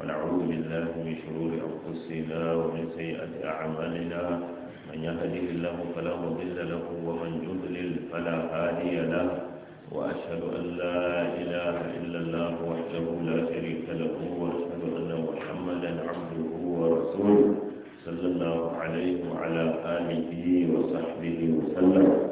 ونعوذ بالله من شرور أنفسنا ومن سيئات أعمالنا من يهده الله فلا مضل له ومن يضلل فلا هادي له وأشهد أن لا إله إلا الله وحده لا شريك له وأشهد أن محمدا عبده ورسوله صلى الله عليه وعلى آله وصحبه وسلم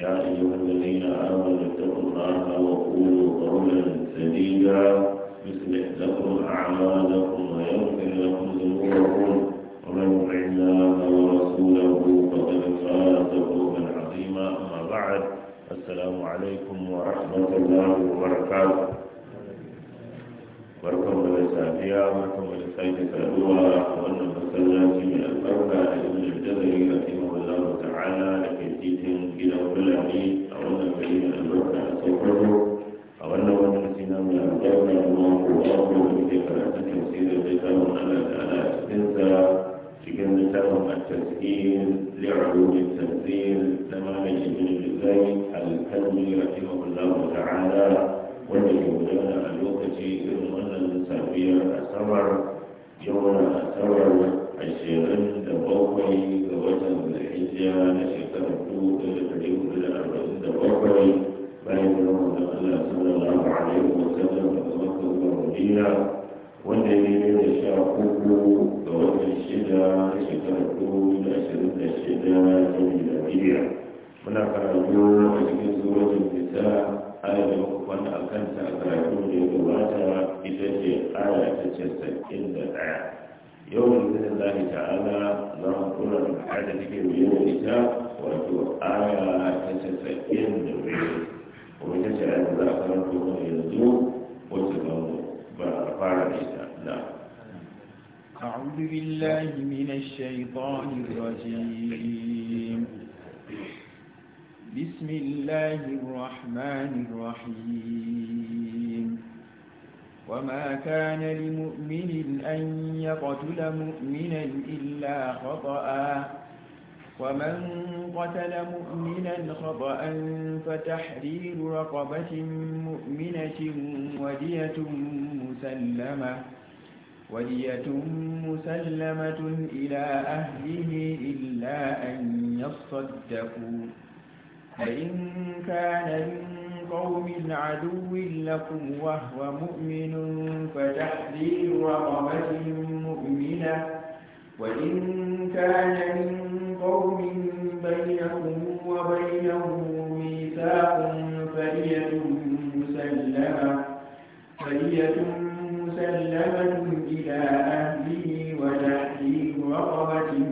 يا أيها الذين آمنوا اتقوا الله وقولوا قولا سديدا يصلح لكم أعمالكم ويغفر لكم ذنوبكم ومن يطع الله ورسوله فقد فاز فوزا عظيما أما بعد السلام عليكم ورحمة الله وبركاته barkan mu da safiya barkan mu da sake saduwa a wannan masallaci mai albarka da ibn al-jazari rahimahullahu ta'ala da ke titin gidan fulani a wannan gari mai albarka a sokoto a wannan wannan sina mai albarka da mako mako da muke karatun tafsirin littafin Allah ta'ala a cikinsa cikin littafin at-tafsir li'ulum at-tafsir na malamin ibn jazari al-kalbi rahimahullahu ta'ala wanda ke gudana a lokaci irin wannan safiyar asabar yawan asabar ashirin da bakwai ga watan zulhijja na shekarar dubu ɗaya da ɗari hudu da arba'in da bakwai bayan da wannan allah sallallahu alaihi wa sallam daga makka zuwa madina wanda ya yi da sha uku ga watan shida na shekarar dubu da ashirin da shida ta miladiyya muna karatu a cikin suratul nisa aya da muku kwanta a kanta a karatun da ya gabata ita ce aya ta casa'in da ɗaya yau da zai zahi ta'ala za mu kula da aya da take da ita wato aya ta casa'in da biyu kuma ita ce aya da za a karanta mana yanzu wacce ba mu ba a fara da ita na أعوذ بالله من الشيطان الرجيم بسم الله الرحمن الرحيم وما كان لمؤمن أن يقتل مؤمنا إلا خطأا ومن قتل مؤمنا خطأ فتحرير رقبة مؤمنة ودية مسلمة ودية مسلمة إلى أهله إلا أن يصدقوا فإن كان من قوم عدو لكم وهو مؤمن فتحذير رقبة مؤمنة وإن كان من قوم بينكم وبينهم ميثاق فرية مسلمة فرية مسلمة إلى أهله وتحذير رقبة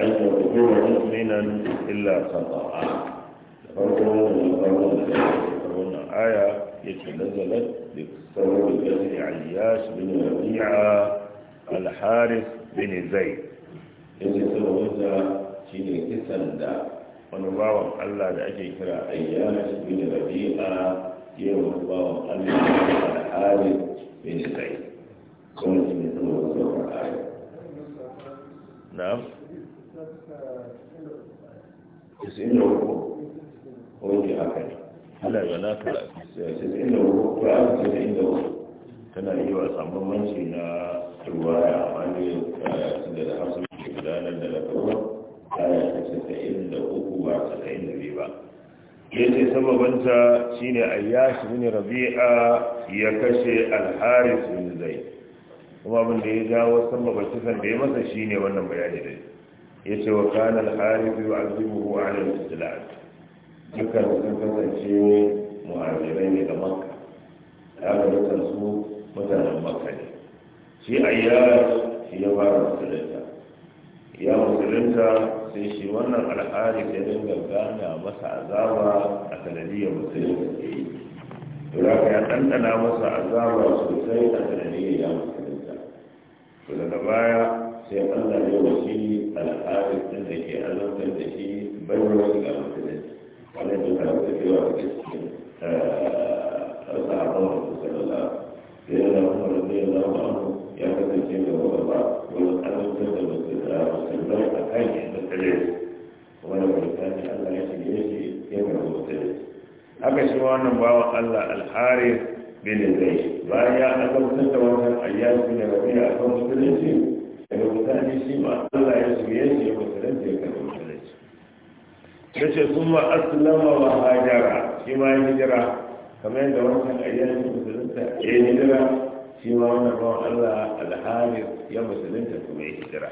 أن يكون مؤمنا إلا خطأ آية نزلت بسبب جزء عياش بن ربيعة الحارث بن زيد إذا سبب شيء كسن دا الله لأجي كرا عياش بن ربيعة يوم نباوة الله الحارث بن زيد كون شيء سبب آية نعم a wani haka ne Allah ya na tura tana yi wa samun manci na ruwaya amma ne da da hausa ke gudanar da lakawa aya ta casa'in uku ba casa'in da ba ya ce sababanta a yashi, bin rabi'a ya kashe alharis bin zai kuma abin da ya jawo sababanta kisan da ya masa shi ne wannan bayani dai yace wa kana al-harith yu'azibuhu 'ala al istilaat dukkan sun kasance muhajirai ne da makka haka dukkan su mutanen makka ne shi ayyar shi ya fara musulunta ya musulunta sai shi wannan al-harith ya dinga gana masa azaba a sanadiyar musulunta to da ya ɗanɗana masa azaba sosai a sanadiyar ya musulunta to daga baya sai Allah ya wasi al'adar da ke azantar da shi bayarwar ga musulunci wanda ya ta da cewa da cikin sahabban wasu sallallahu sai da kuma da ya zama ya kasance da wata ba wani azantar da musulmai a kan shi da tsare wani mutane Allah ya shige shi ya karbi musulunci haka shi wannan bawan Allah al-Harith bin Zayd bayan ya azantar da wannan ayyashi da rabi'a kan musulunci daga ce kuma aslama wa hajara shi ma yi hijira kamar yadda wancan ayyan musulunta ya yi hijira shi ma wannan ruwan Allah alhamir ya musulunta kuma ya hijira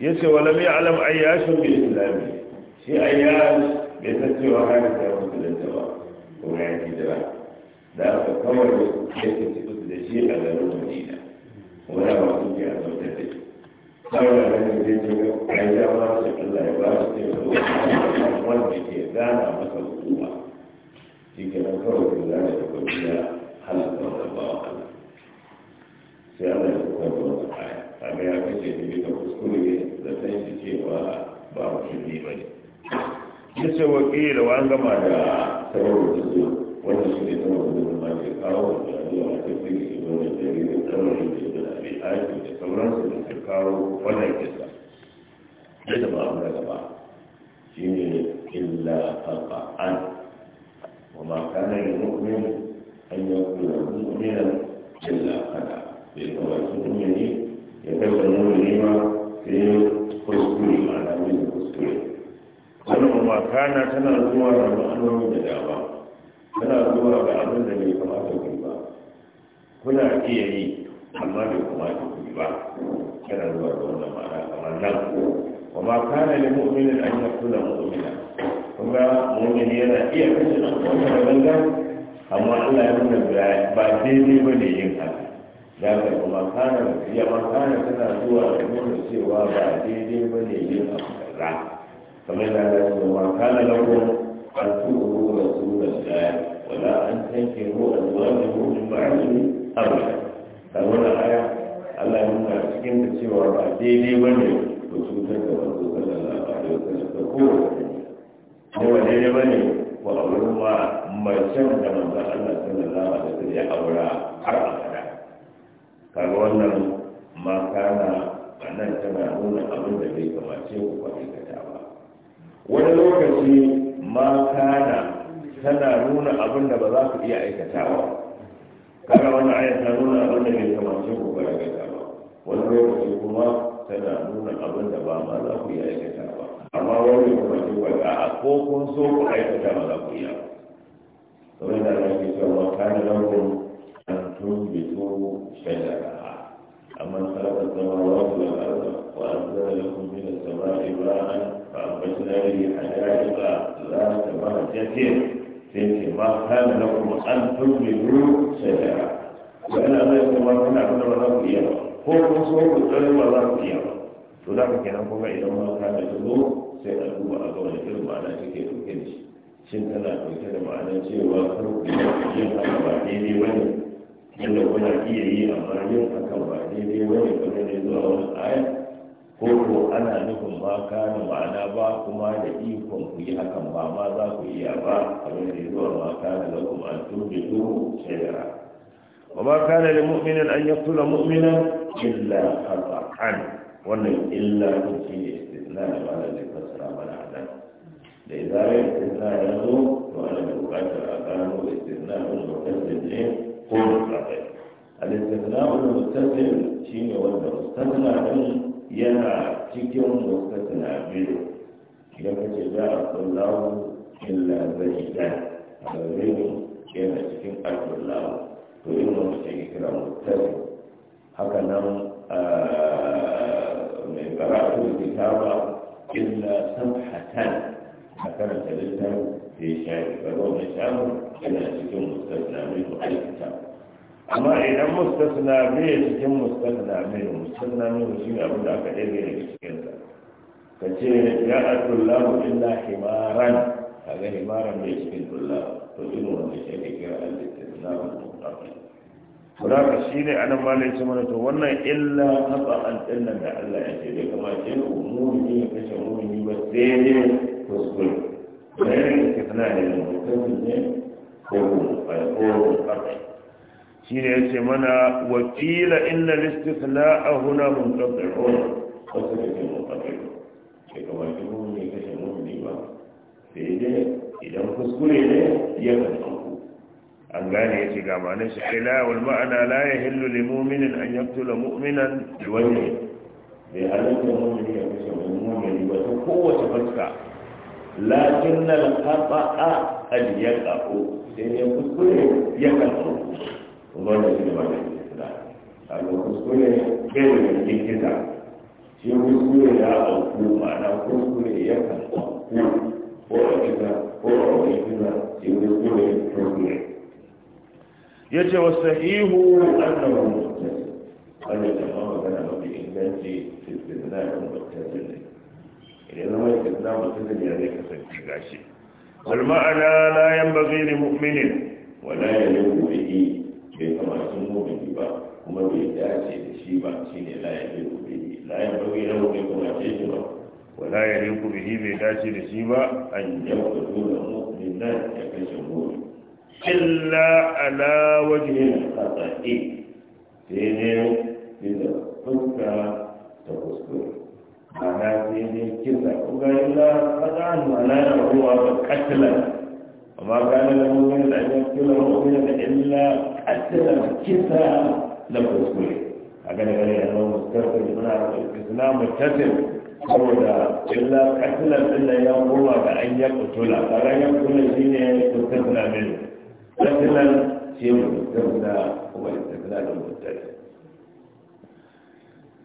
ya ce wa mai alam ayyashin bin islami shi ayyash bai san cewa hajjar ya musulunta ba kuma ya hijira da aka kawar da ya ce da shi a garin madina wani masu ke a kawai da ne zai ce a yi dama ce Allah ya ba shi ce da wanda ke gana masa hukuma shi ke nan kawai da za ta kwanciya halatta wata ba wa sai Allah ya kuma da wata aya kaga ya kace ne bisa kuskure da san shi cewa ba musulmi ba ne ya ce wa an gama da sabon da su wanda shi ne sabon da su ke kawo da ya ce sai ke zo da jaririn sabon da aiki da sauransu da su kawo wannan kisa sai da ba abu daga shi ne illa alfa'an wa ma kana yi mu'min an yi kula mu'minan illa kada bai kawai su mu'mini ya kai kashe mu'mini ma sai ya kuskure ma na wani kuskure wannan ma kana tana zuwa da ma'anoni da dama tana zuwa da abin da bai kamata ku ba kuna iya yi amma bai kuma da kuɗi ba yana zuwa da wannan ma'ana kamar nan ma kana ne mu'minin an yi kula mu'mina kuma mu'mini yana iya kashe ɗan uwansa da ganga amma Allah ya nuna ba daidai ba ne yin haka ya ka kuma kana ya ma kana tana zuwa da nuna cewa ba daidai ba ne yin abu kaza kamar da ya ce ma kana lakum an da rasulullahi wala an tankihu azwajahu ba ba'dihi abada a wannan aya Allah ya nuna cikin da cewa ba daidai ba ne ku cutar da wanzu sallallahu alaihi wasallam da kowace ne ba daidai ba ne ku auri ma macen da manzon Allah sallallahu da wasallam ya aura har abada kaga wannan ma kana wannan tana nuna abin da bai kamace ku ba aikata ba wani lokaci ma kana tana nuna abin da ba za ku iya aikatawa kaga wannan ayat ta nuna abin da kamar kamace ku ba daga dama wani lokaci kuma tana nuna abin da ba ma za ku yi aikata ba amma wani lokaci ba a ko kun so ku aikata ba za ku iya kamar da Allah ke cewa kana lakum an tunbitu shajaraha أما خلق السماوات والأرض وأنزل لكم من السماء ماء فأنبتنا به حدائق ذات بهجة sai ce ma da na kuma an turbe ruru shajara da ina zai kuma kuna kuna ba za ku iya ba ko kuma so ku tsare ba za ku iya ba to za ka kenan kuma idan ma ka da zo sai a duba a ga wani irin ma'ana take ɗauke da shi shin tana ɗauke da ma'anar cewa kar ku yi yin haka ba daidai ba ne yadda kuna iya yi amma yin haka ba daidai ba ne kamar ne zuwa wani aya ko ko ana nufin ba da ma'ana ba kuma da ikon ku yi hakan ba ma za ku iya ba abin da zuwa ma kana da kuma an tuɓe duhu shayara wa ma kana da mu'minin an yi kula mu'minin illa hata'an wannan illa ku shi ne istisna da ma da fasara mana nan da izare istisna ya zo to ana da bukatar a gano istisna ɗin lokacin ne ko da tsafai al-istisna ɗin mutasil shi ne wanda mustaqna ɗin yana cikin wasu na biyu idan ka ce za a kullahu illa zai da a zaurin yana cikin alkullahu to yin wani cikin kira mutane haka nan mai karatu da kitaba illa samhatan a karanta littafin da sai shafi ga wannan shafin yana cikin mutane na mai aikata amma idan mustasna bai cikin mustasna mai mustasna mai shi ne abin da aka ɗaya daga cikin sa ka ce ya atullahu illa himaran ga himaran bai cikin tullahu to irin wanda shi ne kira al-istisna wa mutlaqi kuma ka shi ne anan ma ci mana to wannan illa haba an nan da Allah ya ce bai kamace umumi ya kace umumi ba sai ne kuskure bayan istisna ne mutum ne ko ko ko shine yace mana wa qila inna al-istithna'a huna munqati'un wasu ne ke munqati'un sai kamar duk ne kashe mu'mini ba sai dai idan kuskure ne ya kasance an gane ya ce gama shi ila wal ma'ana la ya hillu li mu'minin an yaqtula mu'minan bi wajhi bi halatta mu'mini ya kace wani mu'mini ba ta kowace fuska lakin al khata'a al yaqa'u sai ya kuskure ya kalbu kuma wannan shi ne ba da kisa sannan kuskure bai da kisa shi kuskure ya auku ma'ana kuskure ya kan ko a kisa ko a wani kisa shi kuskure kuskure ya ce wa sahihu annahu muttasil wannan jama'a magana mafi inganci istisna'in muttasil ne idan zama istisna muttasil ya zai kasance gashi والمعنى لا ينبغي لمؤمن ولا يليق به bai kamaci mumini ba kuma bai dace da shi ba shi ne layan bai kube ne layan bauyi na bai kamace shi ba wala ya rinku bihi bai dace da shi ba an yau da dole mu'min nan ya kashe mumini illa ala wajhin khata'i sai ne bisa fuska ta kuskure ana sai ne kisa kuma illa kada an wala ya ruwa ba katilan وما كان لمؤمن أن يقتل مؤمنا إلا قتله كسا لم يسكره هكذا قال أنه مستقبل من الاستثناء متسم saboda illa katilan din da ya koma ga an ya kutula kaga ya kutula shi ne ya kutula min kuma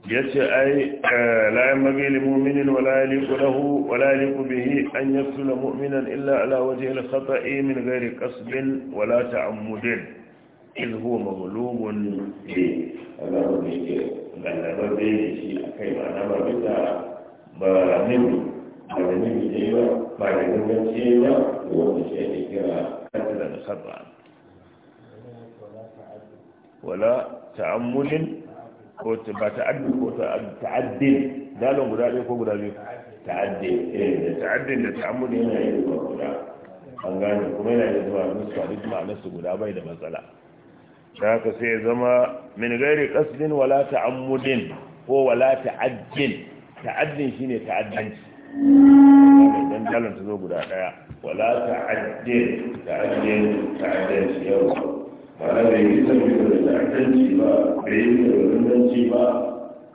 yace ai eh, la yambi lil mu'minin wala yaliqu lahu wala yaliqu bihi an yaqtula mu'minan illa ala wajhi al khata'i min ghairi wala ta'ammudin in huwa mazlumun bi Allah ne ke gallaba da shi akai ba na ba bisa ba ne ba ne ne ba ba ne ne ce ba wanda shi ne kira qatla al wala ta'ammudin ko ba addu ko ta'addin dalon guda ɗaya ko guda biyu ta'addin eh ta'addin da ta'ammudi yana yin zuwa guda an gane kuma yana yin zuwa nuska duk ma'anarsu guda bai da matsala da haka sai ya zama min gairi qasdin wala ta'ammudin ko wala ta'addin ta'addin shine ta'addanci dan dalon ta zo guda ɗaya wala ta'addin ta'addin ta'addin yau ba bai yi tafiya da ta'addanci ba bai yi da rundanci ba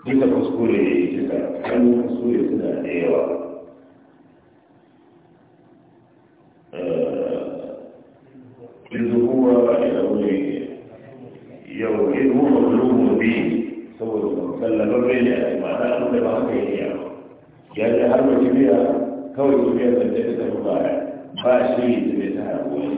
duka kuskure ya yi cika hannun kuskure suna da yawa izuhuwa ila wuri yau izuhuwa eh, lumu biyu saboda sallabar rai ne a ma'ana abin da ba haka yi ya ya har ba kibiya kawai kibiya zance ta tafi baya ba shi da ta harbuwa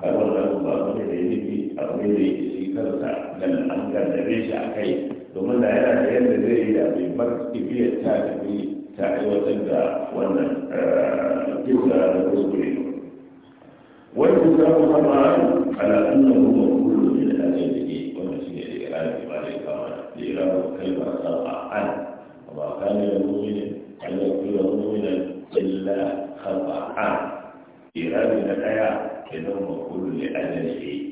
har wannan ba wani da ya nufi abin da yake shi kansa dan an gardabe shi a kai domin da yana da yadda zai yi da bai bar kibiyar ta tafi ta aiwatar da wannan eh, kisa da kuskure wani kusa ku kama ala annan kuma kullu min alajin da ke wannan shi ne da irabi ba zai kama da irabi kalmar sa'a an ba ne da mu'minin an yakuna mu'minan illa khata'an irabi na ɗaya daya kenan maqulu li ajalihi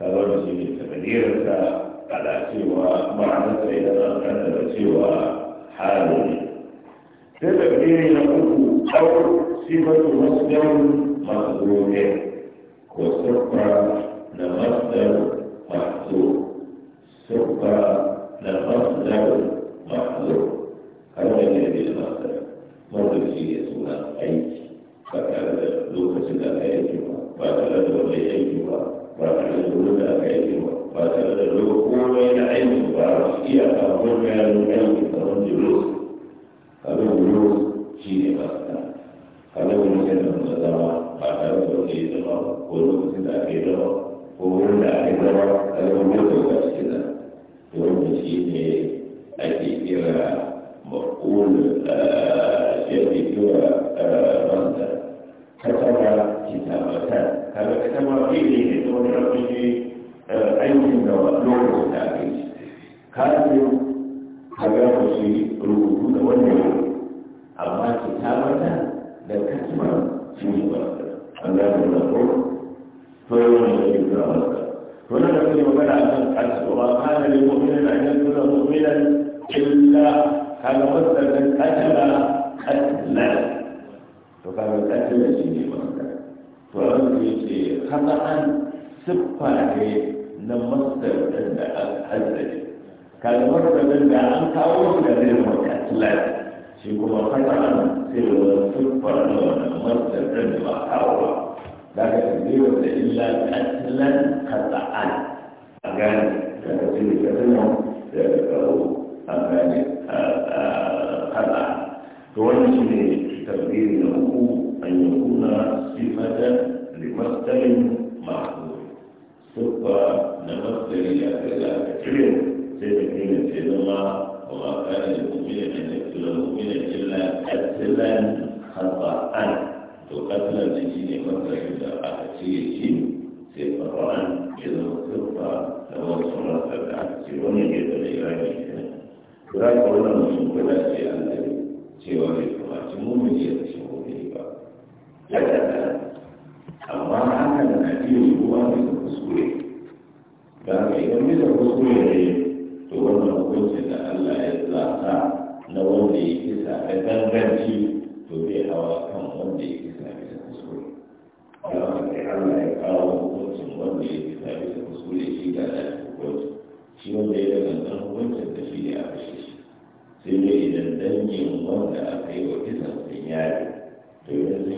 kawar shi ne takalirarsa ana cewa ma'anarsa idan an kaddara cewa hali ne sai takaliri na uku au sifatu masdar masduriyya ko siffa na masdar mahzur siffa na masdar mahzur kalmar ne da masdar masdar shi ne suna aiki ba tare da lokacin da aka aiki ba ba tare da wani aiki ba ba tare da wurin da aka yi ba ba tare da zuwa komai na aiki ba a wasu iyaka mun gano aiki kamar jiros kamar jiros shi ne ba su kamar wani sai da muka zama ba tare da wanda ya zama ko lokacin da aka yi zama ko wurin da aka yi zama kamar wani lokaci ba su da wanda shi ne ake kira maqul shi ake kira manta kasara kitabatan kaga ita ma zai ne da wani rafi shi eh, aikin da lokacin da ake shi kafin kaga ba rubutu da wannan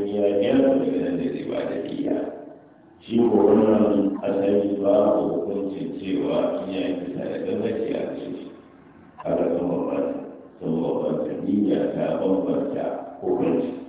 ya biyar daga nan da zai ba da iya shi ko wannan asali ba a hukuncin cewa in ya yi bisa da gangaci a ciki a ga sun bambanta sun bambanta niyya ta bambanta hukunci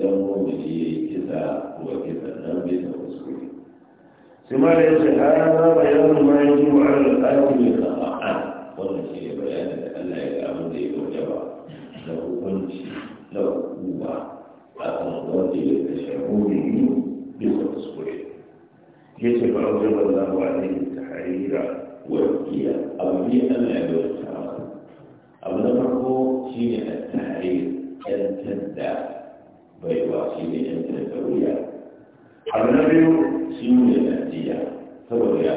idan mummuni ya yi kisa kuma kisa nan bai da kuskure sai ma da yace ha ma bayanin ma yi wa al-qatil qata'an wannan shi ne bayanin da Allah ya ga abin da ya gauta ba da hukunci na hukuma a kan wanda ya kashe mummuni bisa kuskure yace ba wajen wallahu alaihi tahrira wa kiya abu ne Allah ya gauta abu na farko shine at-tahrir 'yantar da baiwa shi ne yan da tauriya abu na biyu shi ne ta tauriya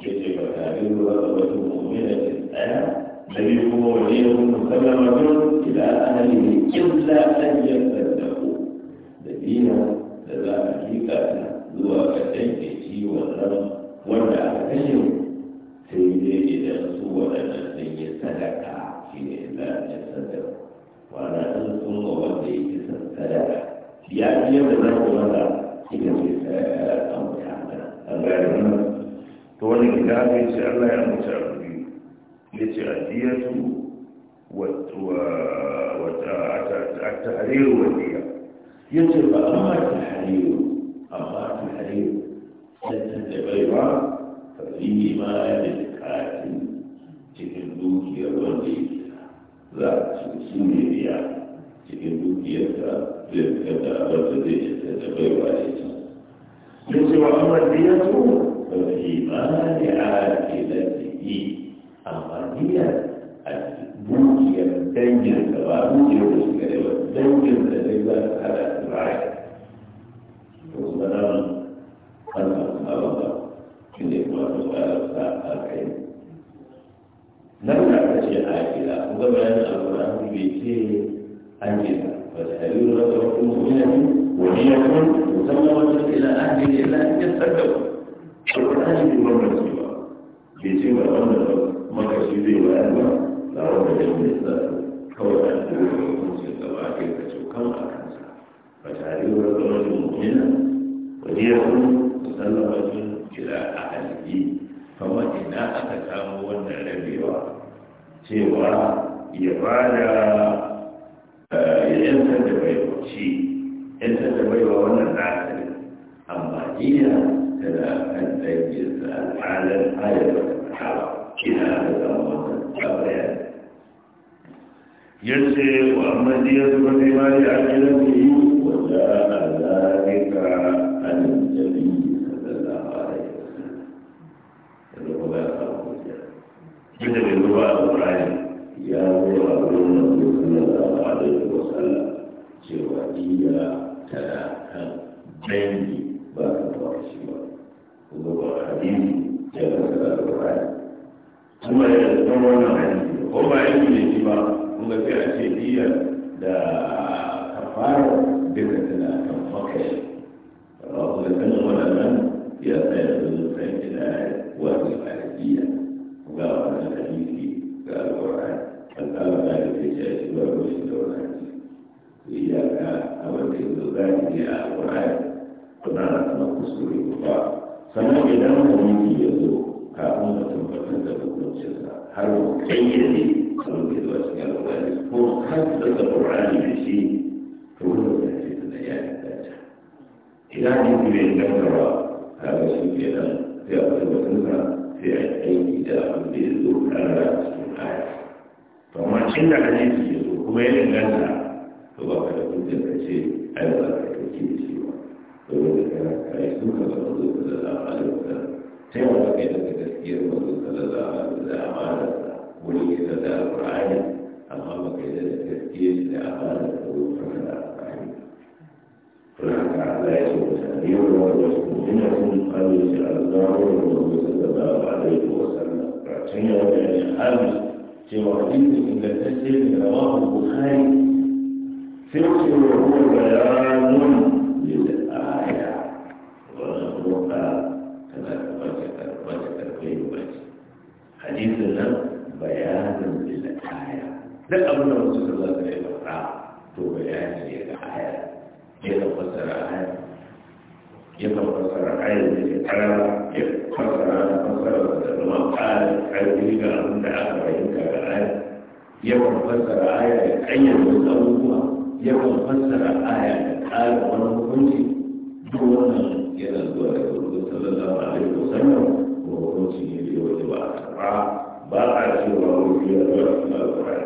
ke ce ba ta biyu ba ta wata da ke tsaya na biyu kuma wani yau musallama biyu ila ahalihi illa an yasaddaku da dina da za a kika zuwa ga danke ciwon ran wanda aka kashe sai dai idan su waɗannan sun yi sadaka wanda sun sun wa wanda ya ci sadaka ya ji yadda za ku wanda ita ce amfani an gane wannan to wani gida aka ce Allah ya mutu abu biyu ya ce addiyatu wata a tahriru wadiya ya ce ba amma tahriru amma tahriru sai ta tabaiwa fa fi ma ya da cikin dukiyar wanda yake za a ci su ne biya cikin dukiyarsa zai fita da wata zai isa da baiwa ya ci ya ce wa amma biya to ba su yi ma ne a ke da ciki amma biya a dukiyar dangin da ba dukiyar da su gare ba dangin da zai za a hada su raya to su ba nan an samu sabon ba shi ne kuma su a kai nan da aka ce a gida kun ga bayanin alƙur'ani bai ce an gida ba da hariru na tsawon mu'minani wa niyyatun musamman wajen ila ahli ila an yasaddaku alƙur'ani bai bambance ba bai ce ba wannan shi zai bayar ba ga wanda ya mai sa, kawai da ta gaba a kai ka cokan a kansa ba wani da tsawon mu'mina wa niyyatun musamman wajen ila ahli kama ina aka samu wannan rabewa cewa ya ba da yantar da baiwa shi yantar da baiwa wannan nasa ne amma iya tana kan danginsa al'adar ayar da ta hawa ina aka samu wannan tabayar yace wa amadi ya zuba ne ma ya ajiyar da yi wanda a zalika an jami'i ba a wurin nan da sallallahu alaihi wa sallam cewa ba ka kuma ba hadisi da kafara tana kan fakai rasulullah Aba ga wannan hadisi ga alƙur'ani an kama da ya ce ya ci da wani hadisi to iyaka abin da yanzu za ki ne a alƙur'ani to na kuma kuskure ba sannan idan hukunci ya zo kafin mutum batun da hukuncinsa har mu kayyade abin da zuwa cikin alƙur'ani ko har da alƙur'ani da shi to wani da ce da ya yi dace idan mutum bai gaggawa kaga shi ke nan sai a tabbatar da sai a aiki da abin da ya zo ƙarara cikin aya to amma cin da hadisi ya zo kuma ya inganta to ka da hujjar ka ce ai ba ka ɗauki da ba domin da kana ka yi suka ga mazo sallallahu alaihi wasallam sai da amma ba da فلا يسوء تأثير ويسكنكم قبل الأذكار والرسول صلى الله عليه وسلم فاعتني وبيان الحامل جوارين إن التسليم رواه البخاري فقه وهو بيان للآية ونخرق كما وجد وجد غير وجه حديثنا بيان للآية ده أبونا رسول الله صلى الله عليه وسلم تو بيان للآية ya kan fassara ayar ya kan fassara ayar da ke da da da da wasu abubuwa ya fassara ayar da ƙara wani hukunci duk wannan yana zuwa da gurbin sallallahu alaihi wasallam ko hukunci ne da ya ba a karɓa ba a cewa wani ya zuwa da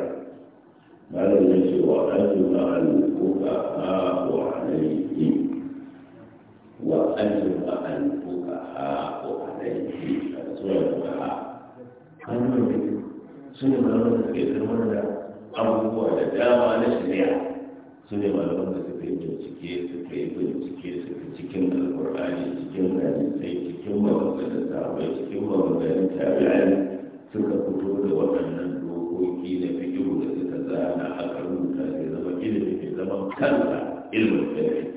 ما الذي وأجمع الفقهاء عليه وأجمع الفقهاء عليه سورة الفقهاء سورة الفقهاء سورة abubuwa da dama na shari'a su ne malaman da suka yi bincike suka yi bincike suka cikin alkur'ani cikin hadisai cikin maganganun sahabai cikin maganganun tabi'ai suka fito da waɗannan dokoki na fikiru da suka Ana na aka da zai zama ilimi mai zama kansa ilimin sarki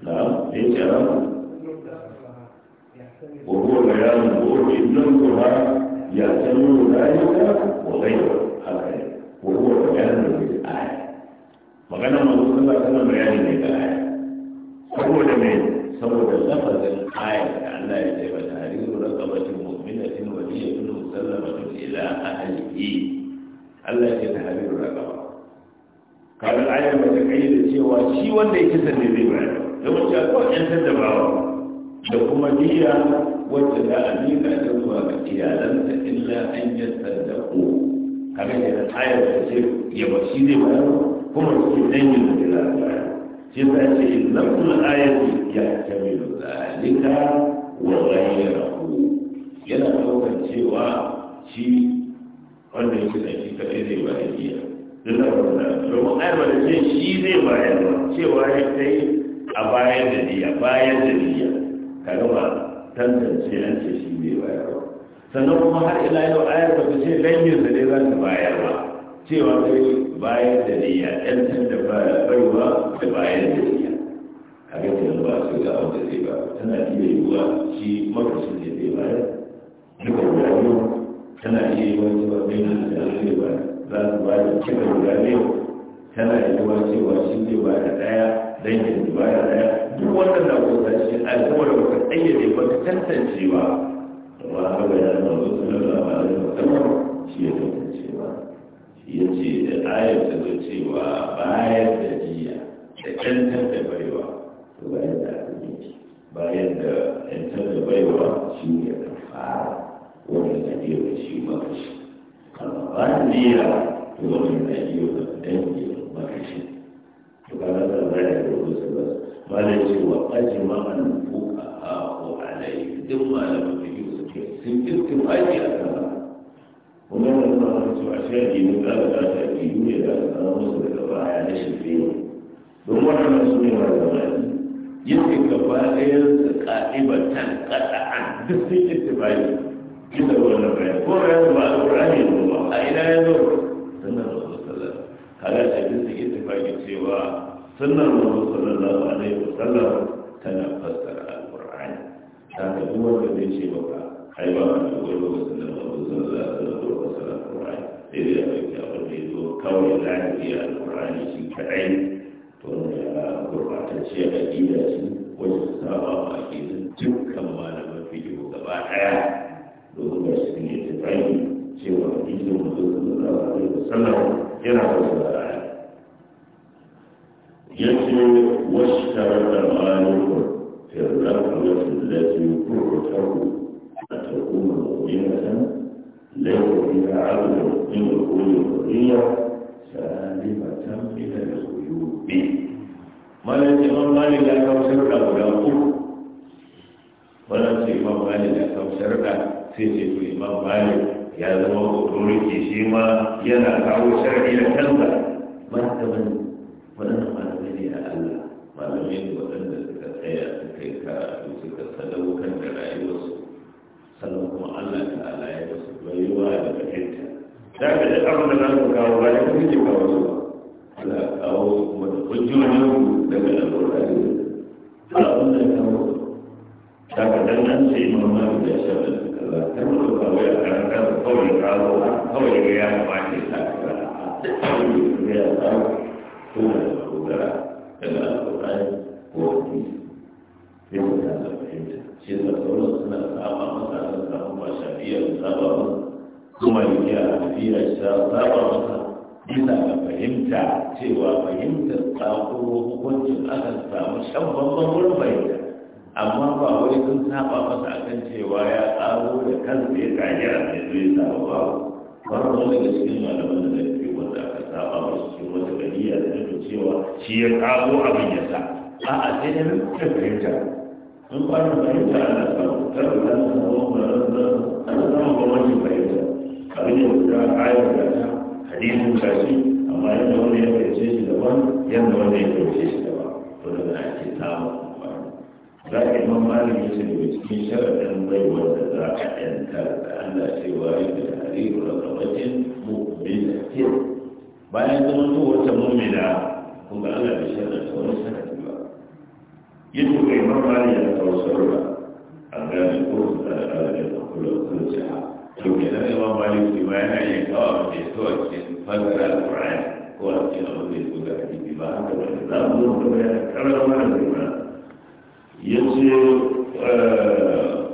na ne ce ramu wa huwa bayanul nan shi wanda ya kisan ne zai bayar yawanci a kawai yan tattabawa da kuma niyya wacce za a miƙa ta zuwa ga iyalansa illa an yi sadako kaga ne da tayar da ce ya ba shi zai bayar kuma cikin dangin da za a bayar shi ta ce kuma ayati ya kamilu zalika wa ghayrahu yana ɗaukar cewa shi wanda ya kisan shi kaɗai zai bayar domin ai ba da ce shi zai bayar ba cewa ya kai a bayar da diya bayar da diya kaga tantance an ce shi zai bayar ba sannan kuma har ila yau ayar ba ta ce dangin sa dai za ta bayar ba cewa kai bayar da diya yantar da baiwa da bayar da diya kaga ta ba su ga abu da zai ba tana iya yiwuwa shi makashin ne zai bayar duka guda biyu tana iya yiwuwa cewa bai na da zai bayar za su ba da cika guda biyu tana yiwuwa cewa shi ne ba da ɗaya dangin ba da ɗaya duk wannan na kusa shi al'amura ba ta ɗayyade ba ta tantancewa amma haka ya zama su lalata a lalata musamman shi ya tantancewa shi ya ce da ayar ta zo cewa bayan da jiya da cancan da baiwa to bayan da aka yi bayan da cancan da baiwa shi ne ka fara wanda ka je da shi maka shi amma nera to wannan da yi wa dangi makashi to ka ga da ba wa ajma an fuqaha wa alai duk malamin da yi su ke sun ittifaqi a kan kuma da kuma su a shari'i mun ga da ta yi ne da ta musu daga baya na shirye don wannan su ne malamin yake gaba ɗayan su ƙa'ibatan ƙasa'an duk ba a ne a ina ya zo sunnar manzo sallallahu kaga da hadisi ke tafaki cewa na manzo na alaihi wasallam tana fassara alqur'ani ta ka duk wanda zai ce maka ai ba wani wani sallar da na alaihi wasallam alqur'ani sai dai ya ga wanda ya zo kawai lafiya alqur'ani shi kadai to ya a aqida shi wajen saba ma aqidin dukkan malaman fiqh gaba ɗaya. domin ba su ne tafayi cewa ido mutum sallallahu alaihi wasallam yana wasu ra'ayi yace washtara da malikun firrafiya التي تعتر أن تكون مؤمنة ليس فيها عبد من دخول الحرية سالمة من الخيوب ما الذي إمام مالك لا يكون ولا أقول ولا إمام مالك لا يكون في إمام مالك ya zama hoton rike shi ma yana kawo sharri da kansa martaban waɗannan malamai ne a Allah malamai ne waɗanda suka tsaya suka yi karatu suka sadaukar da rayuwarsu sannan kuma Allah ta'ala ya wasu baiwa da fahimta za ka ji abin da za ku kawo ba da kuke kawo su ba za kawo su kuma da hujjojin daga alƙur'ani ba abin da ya kawo za ka dangan sai mamaki da shaɗin ta mutu ba wai a karanta kawai ka zo kawai ga ya ba ke ta ka duk abin da ya da dogara ko alƙur'ani ko hadisi sai mu ta fahimta shi da sauran suna saba masa da samu ba shafiya da saba kuma yake a tafiya shi saba masa Ina ga fahimta cewa fahimtar ta kuma hukuncin akan samu shan bambam wurin fahimta amma ba wai sun saba masa akan cewa ya tsaro da kansa ya kajira ne zai saba ba wannan daga cikin malaman da zai wanda aka saba masu cikin wata gariya da nufin cewa shi ya tsaro abin ya sa a sai da nufin fahimta in ba na fahimta ana samu kar da kan samu barazan ana samu ba wani fahimta abin da wata ayar da ta hadisin kashi amma yadda wani ya fahimce shi daban yadda wani ya fahimce shi daban to daga ake samu za ka imam malik ya ce daga cikin sharaɗin baiwar da za a yanta da allah cewa yi da hariru da kamacin mu'minatin bayan zama to wata mu'mina kun ga allah da sharaɗin wani sharaɗi ba yin tuka imam malik ya kawo sarra a gane ko su tsara ala da kula kula jiha to kenan imam malik shi ma yana yin kawo a mai zuwa cikin fasara al-qur'ani ko a cikin abin da ya zo ga hadisi ba haka ba da za mu zo ga karar wannan يصير آه،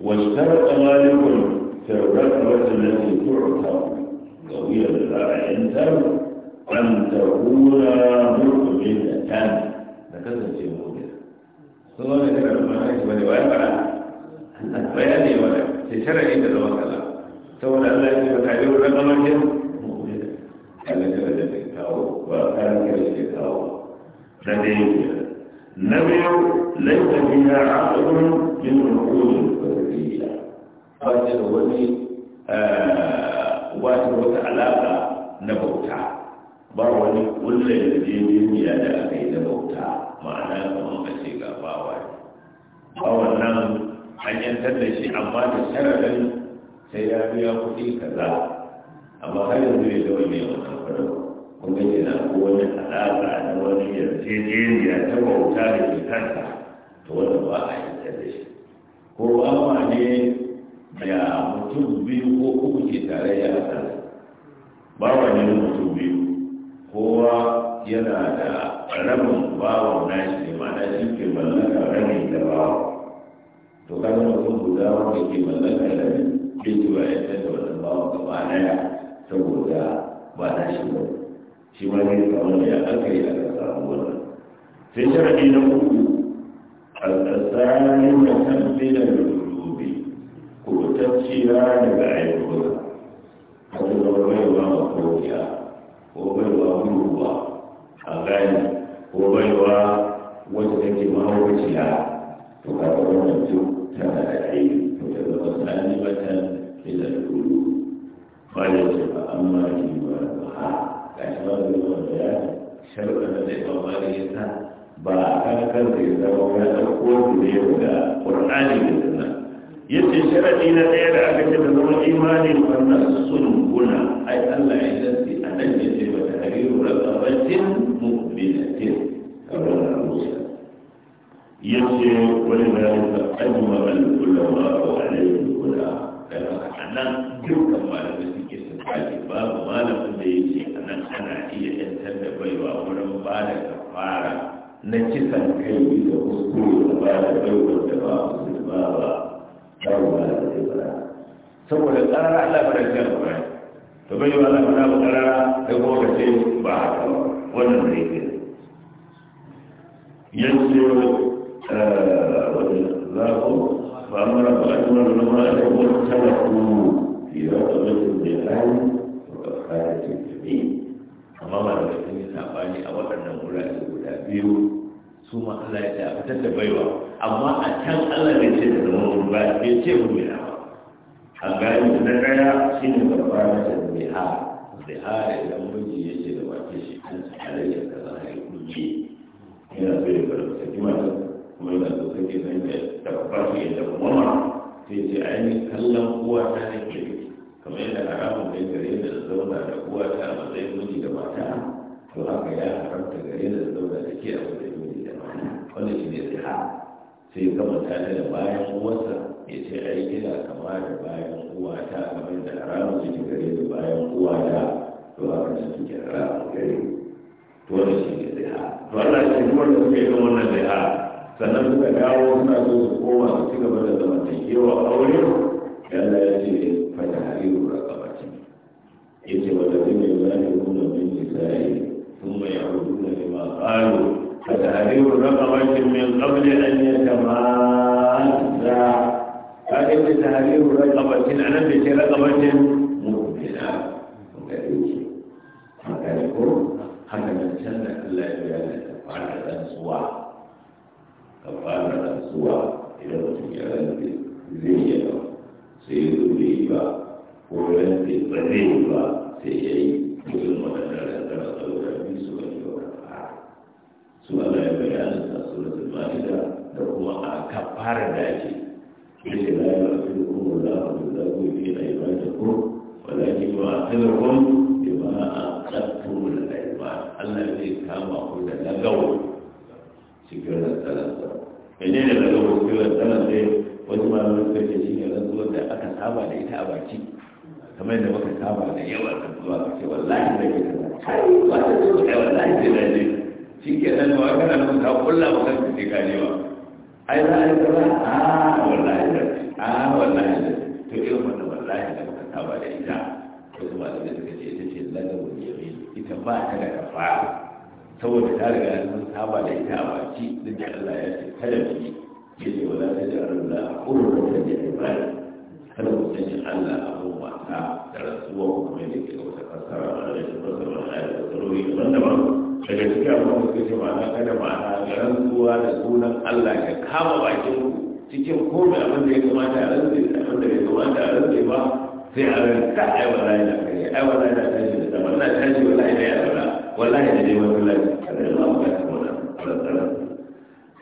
واشترط مالك في الركبة التي تعطى قوية الأعنتر أن تكون مؤمنة نكتب في مؤمنة ثم ذكر المعارك بني ويبعى بياني ولا في شرع عند إيه الوكلاء سواء الله يجب تعبير الرقم مؤمنة قال لك رجل كاو وكان كريم كاو لديه نبيه ليس فيها عقل من عقول البشرية قد تلوني آه، واحد وتعلاقة نبوتا بروني كل الجيدين يدعى في نبوتا معنى كما مسيقى باوان باوان نام حين ينتدى شيء أما تسرد سيابي أو تي كذا أما خير من الدولي وتنفرق kuma yana ko wani alaƙa na wani ya taɓa wuta da ke kanta to wanda ba a yi da shi ko amma ne da mutum biyu ko uku ke tare ya kan ba wani mutum biyu kowa yana da rabin bawan nashi ne mana shi ke mallaka rabin da bawa to kaga mutum guda wanda ke mallaka da ne ke ba ya da wannan bawa gaba daya saboda ba na shi ba shi ma zai samu ya aka yi aka samu wannan sai sharaɗi na uku al'asari na tambila da rubi kubutacciya daga ayyuka wata zama baiwa makokiya ko baiwa ruwa a gani ko baiwa wata take mahaukaciya to ka ga wannan duk tana da aiki to ta zama sani batan ila da rubi ba da ce ba amma ba ba ga ba da zuwan bayani zai ba ba a wani ɗauko da ƙur'ani da sunna yace na ɗaya da aka ce da zama imani wannan ai Allah ya a ce ba wani wa alayhi kula kana anan dukkan malamai suke sun ba malamin da yake nan ana iya yantar da baiwa wurin ba da kafara na kisan kai da kuskure da ba da baiwa da ba musulma ba dawowa da zai fara saboda tsarara Allah ba da shi alƙur'ani to baiwa Allah ba da tsarara da kuma ka ce ba haka wannan zai ke yace wajen zaɓo فأمر فأجمل المرأة واتبعوا في رقبة الجهاد وكفارة amma malamai sun yi sabani a waɗannan wurare guda biyu su ma Allah ya ce a fitar da baiwa amma a can Allah ne ce da zama ruwa ya ce mu ruwa ba a gani na ɗaya shi ne gaba na da zaiha idan miji ya ce da wace shi an halayyar da za a yi kuɗi yana so ya bar saki mata kuma yana so ke zan da babbar su yadda da kuma ma sai ce ainihin kallon uwa ta ne ke kamar yadda haramun kai gare da zauna da uwa ta a matsayin miji da mata to haka ya haramta gare da zauna da ke a matsayin miji da mata wanda shi ne siha sai ya gama ta da bayan uwarsa ya ce ai kina kama da bayan uwa ta kamar yadda haramun yake gare da bayan uwa ta to haka nan suke haramun gare to wannan shi ne siha to Allah shi ce kuma da suke yin wannan siha sannan suka dawo suna so su koma su ci gaba da zamantakewa aure yana ya ce فتحرير رقبة يتي والذين يظاهرون من نسائهم ثم يعودون لما قالوا فتحرير رقبة من قبل أن يتماسا هذا تحرير رقبة أنا بك رقبة مؤمنة هكذا يقول هكذا الله يبين كفارة الأنسوا كفارة الأنسوا إذا كنت يعلم sai ya zo yi ba ko ran sai ba zai yi ba sai ya yi irin da rantsar a saboda bi su ba ne ba su Allah ya bayyana sa suratul ma'ida da kuma a kafara da ake yake la ya fi kuma la ba da ku bi da ibada ko walakin wa akhirukum bima aqattum al-iman Allah zai kama ku da saba da ita a baki kamar yadda muka saba da yawa da zuwa ka ce wallahi zai ke kaza wata ce ko kai wallahi zai da je shi ke nan ma kana nan ka kulla ba kanka sai ka newa ai za a yi kaza a wallahi da a wallahi da to irin wannan wallahi da muka saba da ita to kuma da da take ita ce lagawul yamin ita ba ta da kafara saboda ta riga sun saba da ita a baki duk da Allah ya ce kada ki ce wala ta jarra la qurra ta ibada kada ku sanya Allah abin wasa da rasuwa kuma da ke wata kasara a da shi wasa wani ayat da sarori daban-daban daga cikin abin da suke ma'ana kada ma'ana da rasuwa da sunan Allah ya kama bakin ku cikin komai abin da ya kamata a rantsi da abin da ya kamata a rantsi ba sai a rantsa ai wallahi na kare ai wallahi na tashi da sama na tashi wallahi na yara wallahi na dai wani lafiya kada ya ma'a bakin wannan rantsarar.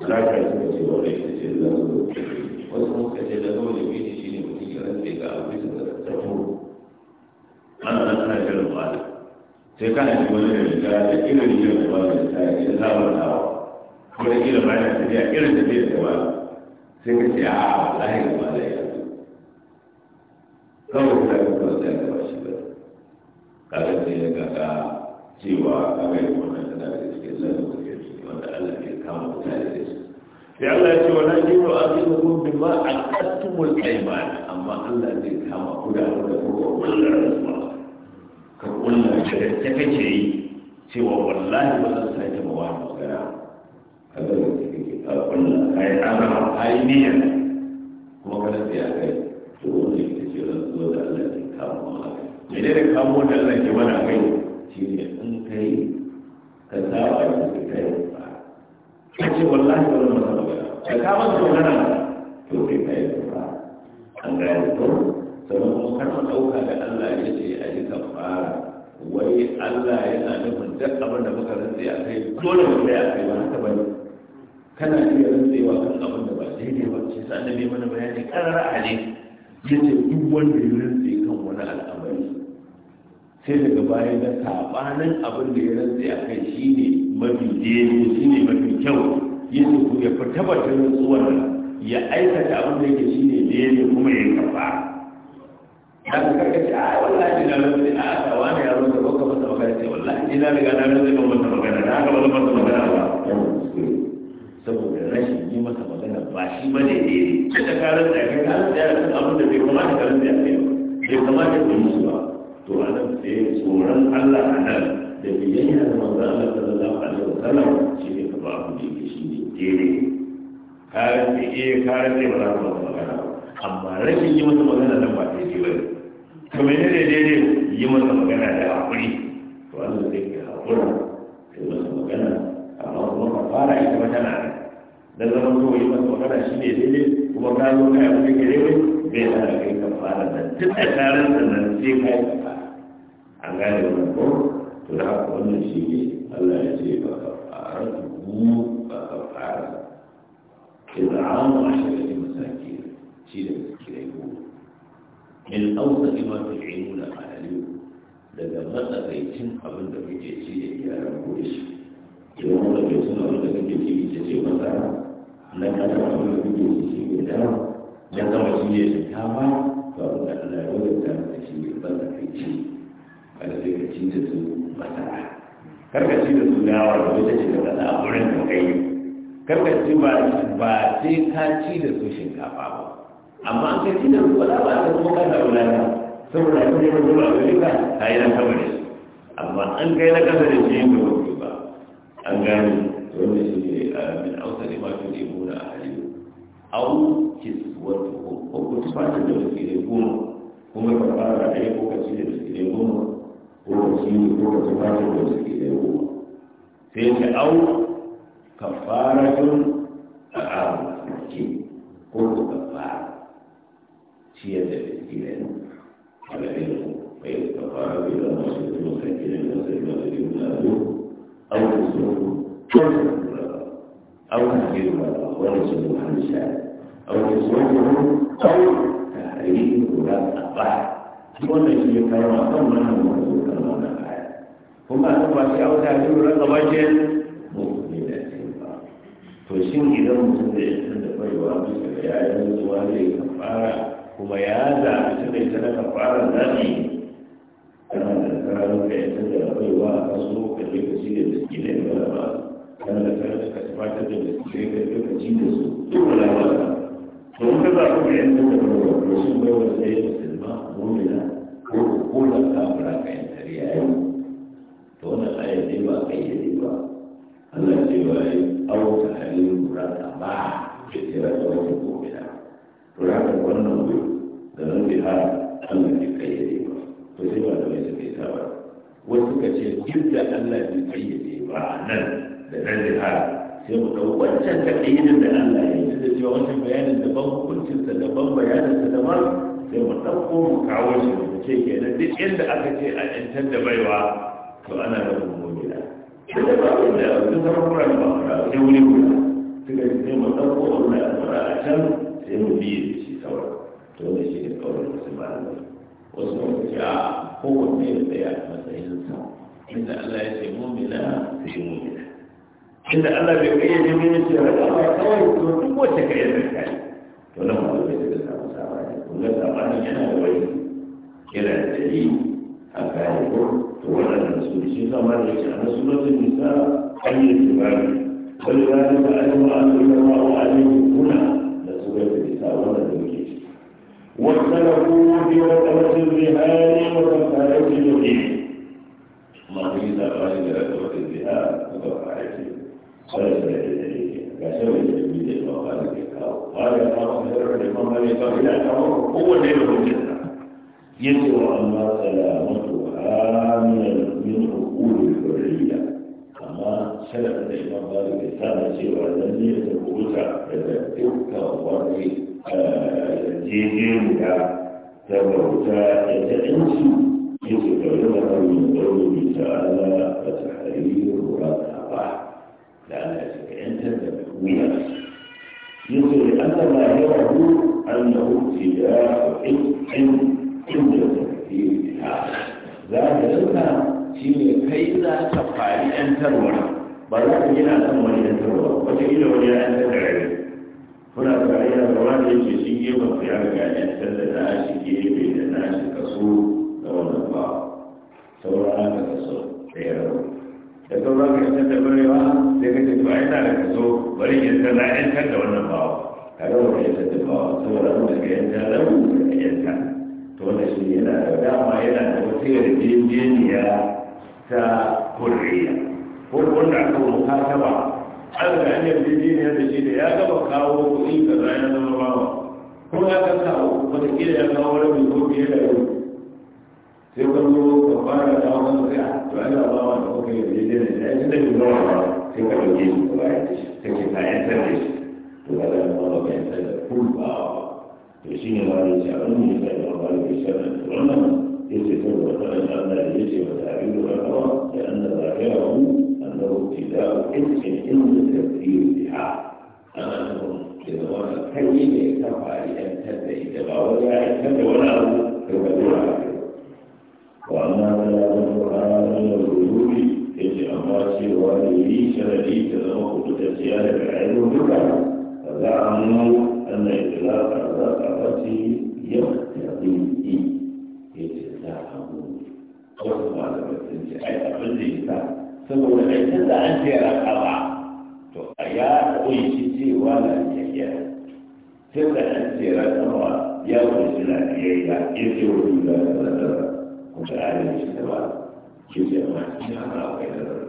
Zaka yi suka ce wa rai ce da zo wasu suka ce da zo da biyu rantse ga abu su da taho an wani sai kana ji wani da riga da irin jiran wani da ta yi zaɓar hawa kuma da irin bayan tafiya irin tafiya da wani sai ka ce a wallahi ga wani ya zo kawai ta ga kawai ta ga shi ba kaga sai ya ga cewa kaga yi wannan tana da cikin lalata wanda Allah ke kama mutane da su sai Allah ya ce wa nan jiro a ma aiman amma Allah zai kama ku da abu da kuka kullar ka da ta kace yi cewa wallahi ba zan da gara ka kai kai kuma kada sai ya kai to wanda yake ce da Allah kama ne da kamo da Allah ke mana kai shine in kai ce wallahi wani masu da ka su magana to kai ka yi an gane ko sannan kuma karma ɗauka da Allah ya ce a yi kafara wai Allah yana nufin duk abin da muka rantse a kai dole mu kai a kai ba haka ba ne kana iya rantsewa kan abin da ba daidai ba shi sa annabi mana bayani karar ne. ya ce duk wanda ya rantse kan wani al'amari sai daga baya na sabanin abin da ya rantse a kai shine mafi daidai shine mafi kyau yusufu ya fita batun tsuwar ya aikata abin da yake shi ne da ya kuma ya kafa da ka karka ce a wallahi ina rufe a tsawa ne ya rufe ko ka masa magana ce wallahi ina riga na rufe ko masa magana da haka wani masa magana ba saboda rashin yi masa magana ba shi ba ne ne ce da karin da kai karin da ya rufe abin da bai kamata karin da ya kai bai kamata ka musu ba to a nan sai tsoron allah a nan da biyayya da manzan allah a alaihi wasallam shi ne ba ku ji ke shi ne jere kare ce eh kare ce ba za ku masa magana amma rashin yi masa magana nan ba ta ce bane to me ne daidai yi masa magana da hakuri to Allah zai ka hakura yi masa magana amma kuma ka fara ita wata na dan zama so yi masa magana shi ne daidai kuma ka zo ka yi wani kare wai bai hana kai ka fara da duk da karin sai ka yi ka fara an gane wannan ko to da haka wannan shi ne Allah ya ce ba ka fara مو أفعال إطعام عشرة مساكين شيل مسكينه من أوسط ما تدعون عليه daga matsakaicin abin da kuke ci da iyalan ko shi idan wanda ke suna wanda kuke ci ita ce masara na kasa abin da kuke ci shi ne dama na sama shi ne shinkafa to abin da Allah ya wadata da shi ne matsakaici a da daga ci da su karkaci da su dawa da wata ce da a wurin da kai karkaci ba ba ce ka ci da su shinkafa ba amma an ka ci da su wala ba ta kuma kana da saboda in ne mutum a gari ka ta yi na kama da shi amma an kai na kasa da shi da da ba an gane to wanda shi ne min ausa ne ma fi nemo na ahali au wato ko ko tufatin da suke ne goma kuma ka fara da ɗaya ko ka ci da suke ne goma ko ka ci ko ka ci fata ko su ke da yawa sai ka au kafaratun a arziki ko ka kafara ciyar da miskinai a garin bai kafara bai zama shi da masakinin da masakinin da yau au ka so ko ka kura au ka girma wani su da hannu sha au ka so ko au ta hari kura a baya wannan shi ya kawo a kan wannan wani kan wannan kaya kuma a ba shi auta shi wurin gaba ce mu ne da shi ba to shin idan mutum da ya san da baiwa bisa ga yayin mutuwa ka fara kuma ya zaɓi ta da ita na fara zaɓi kana da karar da ya san da a kaso ka je ka ci da biski da ya ba kana da karar ka tabbatar da biski da ya ka ci da su duk wala ba to mun ka zaɓi ka yi da baiwa to sun ya musulma mumina ko kula kafira ka yi tariya yi to wannan ayar dai ba yi kayyade ba Allah ce wa yi ka hali halin ta ba da wani da wata mumina murata wannan wuri da nan bi har Allah ke kayyade ba to sai ba da mai suke ta ba wasu ka ce duk da Allah bai kayyade ba nan da nan bi har sai mu ɗau wancan takayyadin da Allah ya yi da cewa wancan bayanin da ban hukuncinsa da daban bayaninsa ban sai mu ɗauko mu kawo shi mu ce kenan duk inda aka ce a yantar da baiwa to ana da mummuna da ba su da su zama kuran ba a sai wuri guda suka ce sai mu ɗauko wannan al'amura a can sai mu biye da shi sauran to ne shi ne kawai wasu malamai wasu mu ce a ko kowanne ya tsaya a matsayin sa, inda Allah ya ce mummuna sai mummuna inda Allah bai kai ya ce mummuna ce ba kawai to duk wacce ka yi zaka to nan ma zai kuma sabani yana da wai da dalili a gane ko to waɗannan su shi sama da yake a nasu nasu nisa an yi tibari wani gani ba a yi ma'azu da ma'u a yi kuna da su ga da nisa wannan da muke ci واختلفوا في رقبة الرهان وكفارة اليمين ما في سبعين رقبة الرهان وكفارة اليمين قال سيدي ga shi wani da bi da yawa ba da هو الليل الجنه يسوع اما سلامتها من عقول الحريه اما سلف الامام ذلك كان سوى الذي يتركوك يتركك وضعي جيجين تبعوتا يتأنسوا يتبعونها من قوله تعالى فتحرير رقبه لأنها تتأنسى تبعوها يقول لأن ما يره أنه ابتداء حزب عند التفكير بهذا ذاك لنا شيء كيف تفعل أن تروح بلغ جنا أن ولي أن تروح وجئل ولي أن تدعي هنا فعلينا القرآن يجي شيء وفي عمك أن تدعي شيء بين الناس كسور لو نفع سواء كسور غيره da sauran ka da barewa sai ka ce to ai na da ka so bari yantar na yantar da wannan bawa ka ga wani yantar da bawa saboda mu daga yantar da mu daga yantar to wannan shi yana da dama yana da wata yarjejeniya ta kurriya ko wanda aka mukataba an ga an yarjejeniya da shi da ya gaba kawo kuɗi ka zai na zama bawa ko ya ka kawo wata kila ya kawo rabin ko fiye da yau sai ka zo ka fara da wani sai a to ana ba wa da kuka yi da yadda da shi da shi ba sai ka ɗauke shi ka bayar da shi ka ce ka yantar da shi to ka zama ba ba ka yantar da kul ba to shi ne ma yace abin da ya sa ba ba da shi da wannan yace saboda faɗin Allah da yace wa ta'abiru rabbana da anna zakirahu annahu ibtida'u ismin inda tafsir biha ana nufin ke zama kai ne ka fara yantar da ita ba wani ya yantar da wani abu ka ba wannan zarafin ƙwararren da ruri ya ce amma cewa da yi sharadi ta zama kudu ta siya da ra'ayi duka a za a nuna wannan ya ta za a wace yau ya yi yi ya ce za a nuna wasu ba da mutum ce ai abin da ya sa saboda ai tun da an ce raka ba to a ya koyi shi cewa na yayyar tun da an ce raka ba ya koyi shi na yayyar ya ce wani ba da zarafin da adalci da ba ke jama'a cikin haka akwai nazarin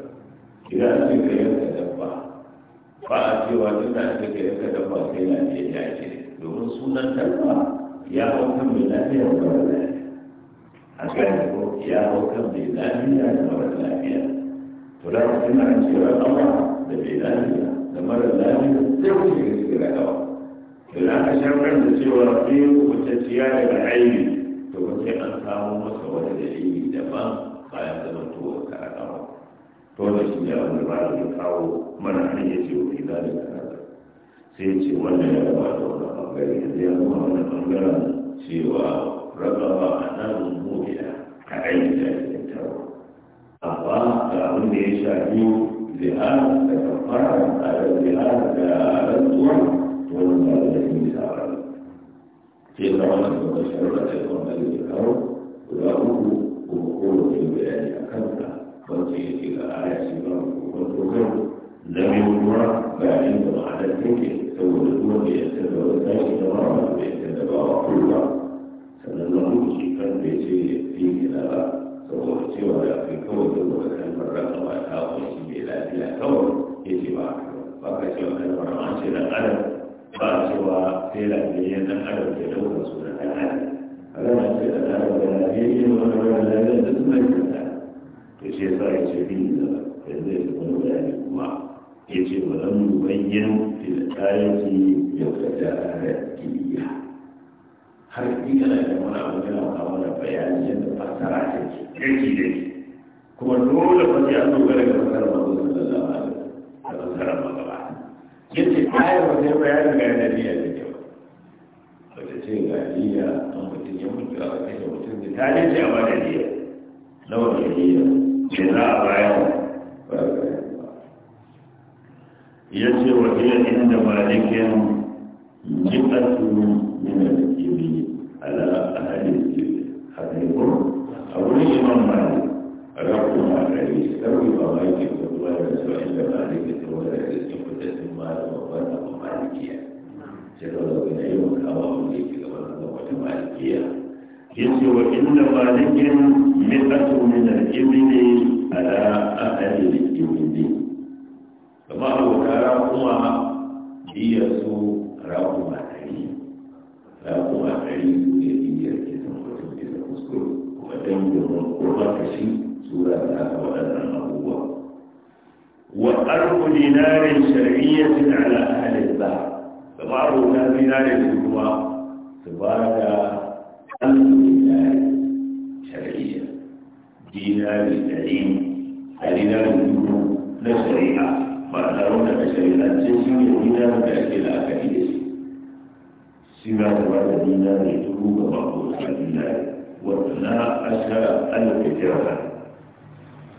idan su ka yanka dabba ba a cewa duk da su ka yanka dabba sai na ce ya ce domin sunan dabba ya hau kan mai lafiya da mara lafiya a gane ko ya hau kan mai lafiya da mara lafiya to da su na cewa ɗawa da mai lafiya da mara lafiya sai ku shiga cikin rakawa to da aka shafar da cewa biyu mutacciya daga aini domin sai an samu masa wani dalili daban bayan zaman towar karatawa to da shi ya wani ba da kawo mana an yi ce wani zalin karata sai ce wannan ya gaba da wani bangare yanzu ya zama wani bangaren cewa rabawa a nan mutiya a aiki da cikin tawa amma ga abin da ya shafi zihar da kafara da zihar da rantsuwa da sharuɗa da yawan da ya kawo guda uku kuma kowace bayani a kanta wacce ya ce ga ba kuma saboda shi ba da ba sannan na ya fi gina ba saboda da mai lafiya ce da ba a cewa sai lafiyayyen dan adam ke ɗaukar su da ɗan adam a gama ce da ɗan adam da wani wani da yi da to shi yasa ya ce bin da yanzu ya zama yi kuma ya ce zan ya da kiliya har da wani abu kawo da yadda ta ke yanki kuma dole dogara ga da yace ayar wani bayanin ga yanayiya da kyau wata ce ga niyya an mutum ya mutu a wata ya mutum da ta ne ce a bada niyya lawan da niyya ce za a bayan ya ce wa iya inda malikin jibatu min al-kibi ala ahli al-kibi hadaiku a wurin imam malik rabbuna al-rahim sai ba malikin da wani da sai da malikin da wani da mujaddin malam babban abu malikiya sai da wani na yi wa kama abu da yake gaban da wata malikiya yace wa inda malikin mitatu min al-ibli ala ahli al-ibli kama abokara kuma biya su rakuma ɗari rakuma ɗari su ne biyar ke san mutum ke da kuskure kuma dangin kuma kashi sura ta waɗannan abubuwa وأرض دينار شرعية على أهل البحر فبعض أهل دينار هو تبارك ألف دينار شرعية دينار الكريم دينار الدين لا شريعة ما بشريعة جسم دينار بأكل أكل سوى تبارك دينار يتوب مقبول الدينار وأنا أشهر ألف دينار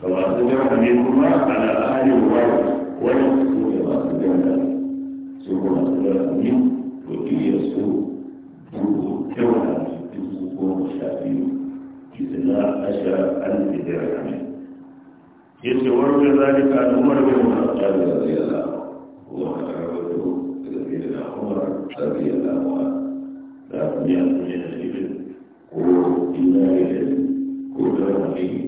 فأتبع منهما على أهل الغرب ويقصد ما تجمع ثم أتبع منه وإن يسوء كونها يسوء شافيه إذا أشاء أن تدعي عنه يتورد ذلك عن عمر بن الخطاب رضي الله عنه وقربته سيدنا عمر رضي الله عنه لا يأتي من الإبل قول إنا إليه قول رحيم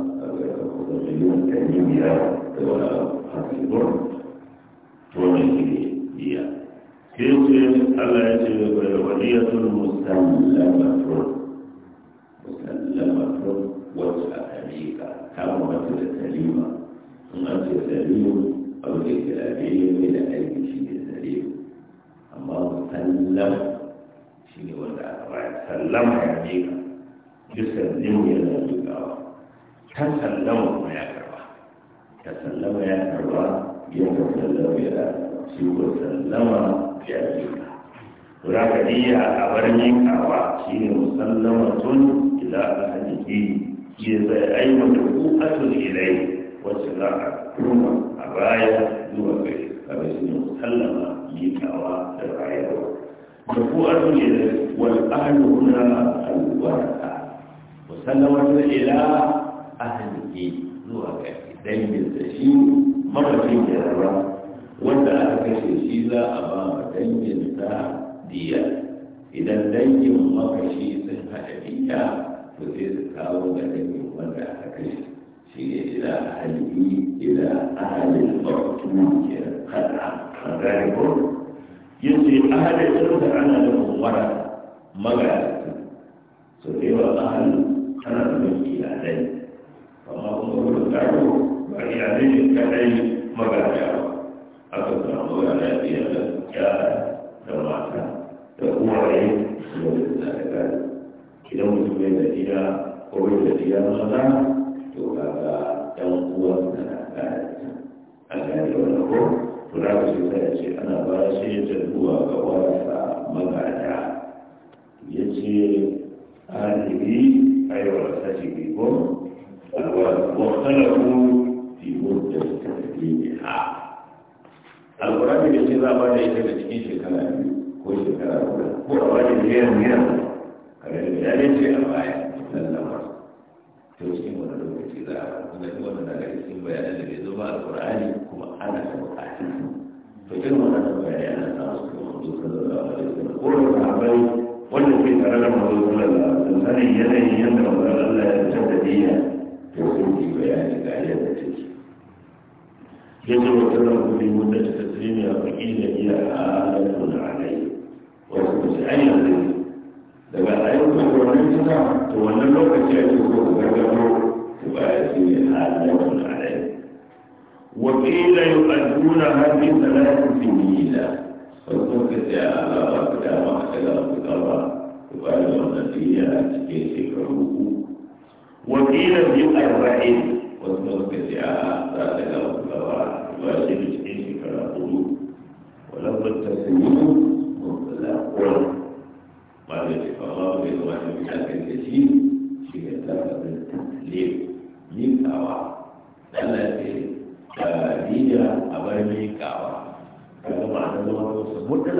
وسلم تنمية وحسبون ومسيحية كيفين الله يجب ولية مسلمة مسلمة وتعليك كما تسليمة ثم تسليم أو تسليم إلى أي شيء سليم أما مسلم شيء ولا سلم يعنيك يسلم يناديك ta sallama kuma ya karba ta sallama ya karba ya ta sallama ya shi ko sallama ya jika kura ka iya a bar miƙawa shi ne musallama tun ila alhaji ke zai aiwata ku'atul ilai wacce za a kuma a baya zuwa gari kada shi ne musallama miƙawa da rayuwa da ku'atul ilai wal ahlu huna alwarka musallama ila أهل زوا كافي دين بالتشيو مرة في جرة وانت أهلك شيزا أمام دين بالتا ديا إذا دين مرة شيء سنها أبيا فتير كاو دين مرة أهلك شيء إلى أهل إلى أهل المرتوج خدعا خدعا يسي أهل الأرض أنا لهم وراء مغارسة سوف يرى أهل خلق من إلى ذلك amma kuma wurin taro ba iyalai ne kaɗai magana ba aka samu ga lafiya da yara da mata da uwaye da da sadaka idan mutum bai da iya ko bai da iya maza to kaga ɗan uwan da na kare an gane wannan ko to za ka ce sai ce ana ba shi da zuwa ga warasa magada ya ce ahalibi a yi warasa shi ko واختلفوا في مدة تكليمها القرآن da ce za ba da ita da cikin shekara biyu ko shekara guda ko a wani biyar biyar kare da ya dace a baya sallama ta cikin wani lokaci za a kuma yi wannan daga cikin bayanan da bai zo ba alƙur'ani kuma ana da buƙata to irin wannan bayani ana samu su kuma zo sallallahu alaihi wasallam ko da sahabbai wanda ke tare da manzo sallallahu bayani ga yadda take yake wata rabu ne wanda ta tasiri a fakila iya halattun alai wasu ku ci ayyar da daga ayyukan wannan cika to wannan lokaci a cikin ku gargaro ku ba ya ce halattun alai wakila yi ƙadduna har bi salatin sinila wasu ku ci a ba ku dama a daga ku gaba ku ba da wannan fiye a cikin shekaru uku وقيل في أربعين والتوكل على ذلك والبراء واجب الحج فلا قلوب ولو التسليم مطلق قال الفقراء للرحم حتى الكثير في كتابة التسليم من التي هي أمر من كما معنى الله مطلق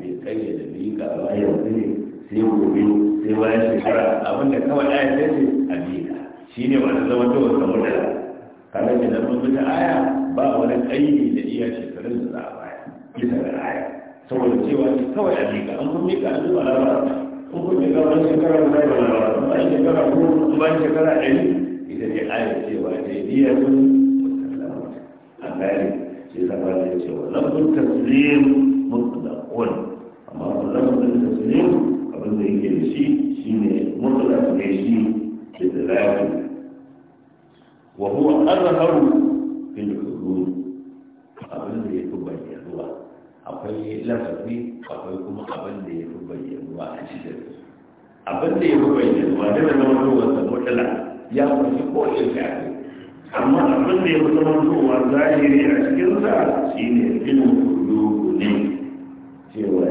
من كي يدريك الله يدريك sai gobe sai bayan shekara abinda kawai aya ta ce a biya shi ne wani zama ta wata murna kada ke zama mutu aya ba wani ƙaidi da iya shekarun da za a baya bisa ga aya saboda cewa kawai a biya an kun miƙa an zuwa labar an kun miƙa wani shekara da zai labar an bayan shekara ko an bayan shekara ɗari ita ce aya cewa ta yi biya sun musallama a gane shi zama da cewa lafin taslim mutlaqun amma lafin taslim abin da yake da shi shi shine mutlaq ne shi da zalatu wa huwa azharu fil hudud abin da yake bayyana akwai lafazi akwai kuma abin da yake bayyana a cikin abin da yake bayyana da zama ruwan sa mutala ya kuma ko shi ka amma abin da ya zama zuwa zahiri a cikin sa shi ne ilmin kudu ne cewa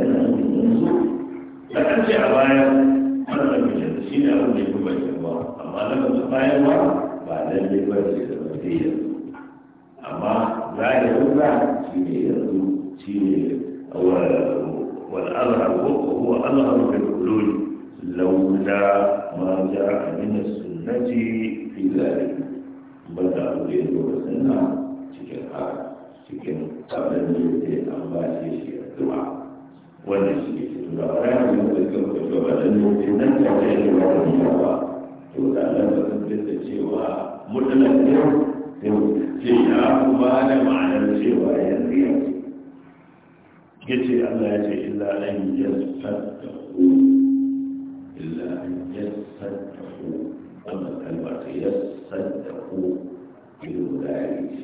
an a baya wannan lafiyar shi ne abin da ya fi bayyana amma lafiyar bayarwa ba lalle ba ce da yanzu amma zahirin ba shi ne yanzu shi ne والأظهر وهو أظهر في الحلول لولا ما جاء من السنة في ذلك بدأ يدور السنة cikin haka cikin abin da ya shi shi a zuwa wanda suke cikin da bayan da da suka fito ba da nufin nan da ya yi wa wani yawa to da nan da sun fita cewa mutunan yau ce ya kuma da ma'anar cewa yanzu yanzu ya ce allah ya ce illa an yasfata ku illa an yasfata ku wannan kalmar ta yasfata ku ilu da ya ce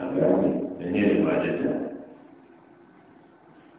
a gane da ne da ba da ta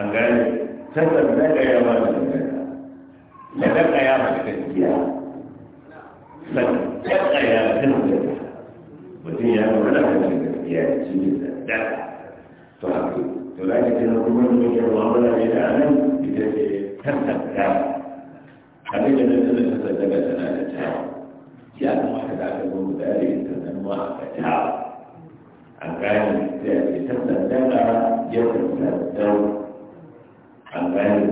an gane tabbas zagaya ma da zagaya da ya ba da gaskiya da zagaya ma da zagaya mutum ya zama da kan gaskiya ya ci ne da to haka to za ka kira kuma da mutum ya mu'amala da anan ita ce tabbata abin da da tabbata tana da ta ya kamata da aka zo da yare ta nan a aka ta an gane ta ya ce tabbata daga ya tabbata an gane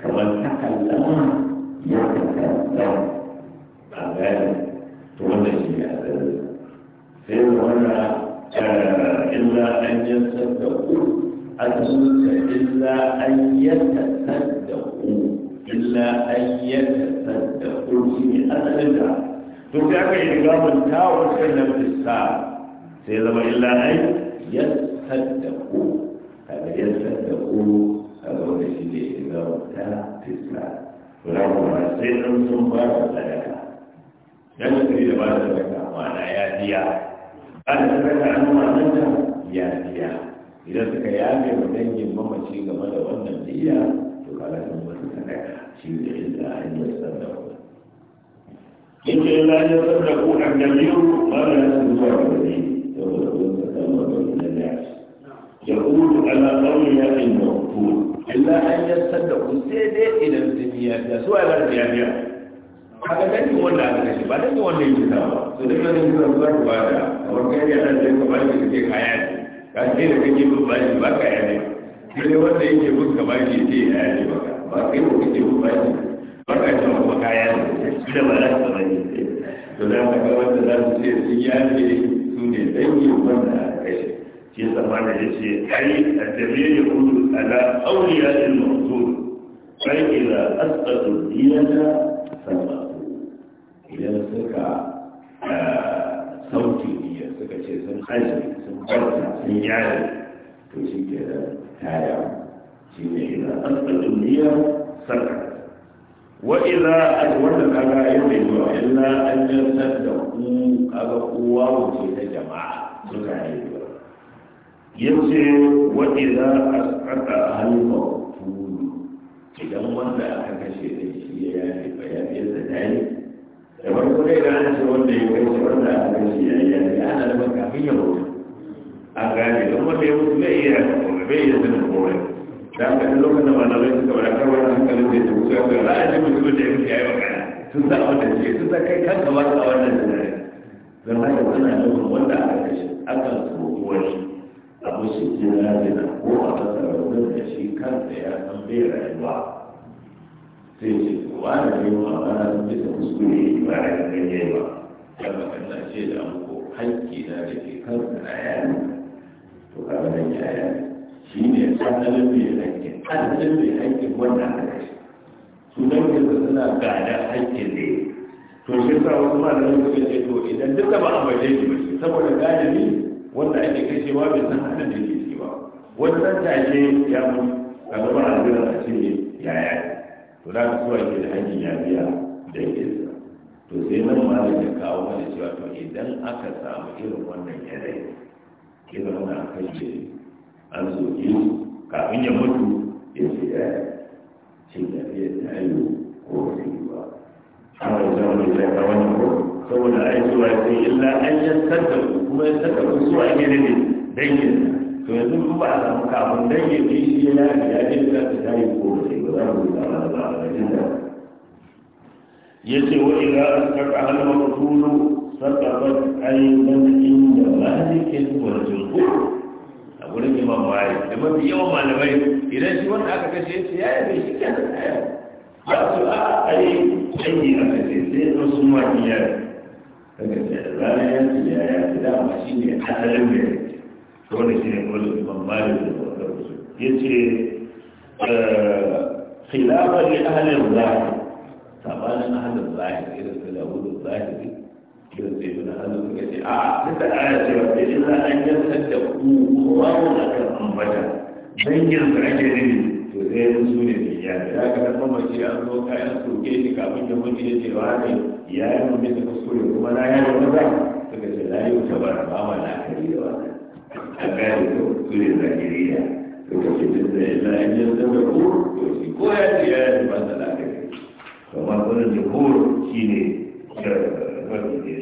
kamar takallama ya takallama an gane to wannan shi ne asali sai wanda illa an yasaddaku asalinsa illa an yatasaddaku illa an yatasaddaku shi ne asalin da to sai aka yi rigamun tawar kai na fisa sai zama illa an yasaddaku kaga yasaddaku rabuwa sai ɗan sun ba da sadaka dan su da ba da sadaka mana ya biya ba da sadaka an ma'ananta ya biya idan suka yafe wa dangin mamaci game da wannan biya to kaga sun ba su sadaka shi da yadda an yi sadaka yake la ya tsada ku an da biyu ba da su zuwa da ni saboda kun ta kalmar da ya ya kudu ala qawli ya in maqtul illa an yassar da kun sai dai idan sun yi yafiya su ai ba da yafiya haka dangin wanda aka kashe ba dangin wanda yake sa ba su duk nan yanzu zuwa ku ba da kamar kai ne nan sai ka ba kake kaya ne ka ce da kake bin ba shi ba kaya ne sai wanda yake bin ka ba shi ce ya ne ba ba kai ko kake bin ba shi ba ka ce ba kaya ne da ba za su ba ne to da haka wanda za su ce sun yafe su ne dangin wanda shi zama da ya ce ai a tafiye ya kudu ala auriya il mawzul sai ila asbatu diyana sama idan suka ah, sauki diya suka ce sun haji sun barka sun yare to shi ke da taya shi ne ila asbatu diya sama wa ila wanda kaga yau zuwa illa an yantar sanda ku kaga kowa wuce ta jama'a suka haihuwa yace wa idza asqata al-maqtul idan wanda aka kashe da shi ya yi bayani da dai da farko dai da an ce wanda ya kashe wanda aka kashe ya yi ya ana da kafin ya mutu a gane don wanda ya mutu bai iya kuma bai iya sanin komai da aka ji lokacin da malamai suka bada kawai hankalin da ya tafi sai ga ra'ayin mutum da ya mutu ya yi magana sun sa wannan ce sun sa kai kanka ba sa wannan tunani don haka suna nufin wanda aka kashe akan tsoro wani a wasu ji lalina ko a masa raunin da shi kansa ya san bai rayuwa sai ce wa da ne ma ba na san bisa kuskure ba da ganye ba ya magana ce da an ko hanki na da ke kansa na yana to kaga nan ya yana shi ne asalin mai hanki asalin mai hanki wanda aka kashe su dan kansa suna gada hanki ne to shi sa wasu ma da suka ce to idan duka ba a baje shi ba saboda galibi wanda ake kashewa bai san halin da yake ciki ba wannan tashe ya mutu a gaba a zira a ce yaya to da ka suwa ke da hanyar yabiya da yake zira to sai nan da ya kawo mana cewa to idan aka samu irin wannan yanayi ya zama kai ce an soke su kafin ya mutu ya ce yaya eh, shi da fiye da ayo ko wasu ba. Amma zama mai zai kawo ne ko saboda a yi zuwa sai illa an yi da kuma ya yantar kun zuwa gida ne ne dangin to yanzu kun ba a samu kafin dangin ne shi ya yi ya ce za ta tayi ko ba sai ba za mu samu da ba a jin da ya ce wa ila asaka halma rasulu sakabat a inda malikin wa ba a wurin imam malik da mafi yawan malamai idan shi wanda aka kashe shi ya yi yabe shi kyan da ta yi ya su a ayi ayi a kashe sai sun sun ma iya daga ranar yanci ya ya fi dama da ta wani shi da ahalin zahiri irin su da wudu zahiri irin su ibn hazm suka ce a duka aya ce ba sai illa an yantar da ku kuma akan ambata dangin su ake nufi to zai su ne biya da ya ga kan mamaci an zo kayan soke shi kafin ya mutu ya ce wa ne ya yi mun bisa kuskure kuma na yi wani ba suka ce na yi wuta bara ba ma na kari da wani a gane ko su ne zakiriya suka ce duk da illa in yi zama ko to shi ko ya ce ya yi ba ta lakari kamar wani jihur shi ne mafi ne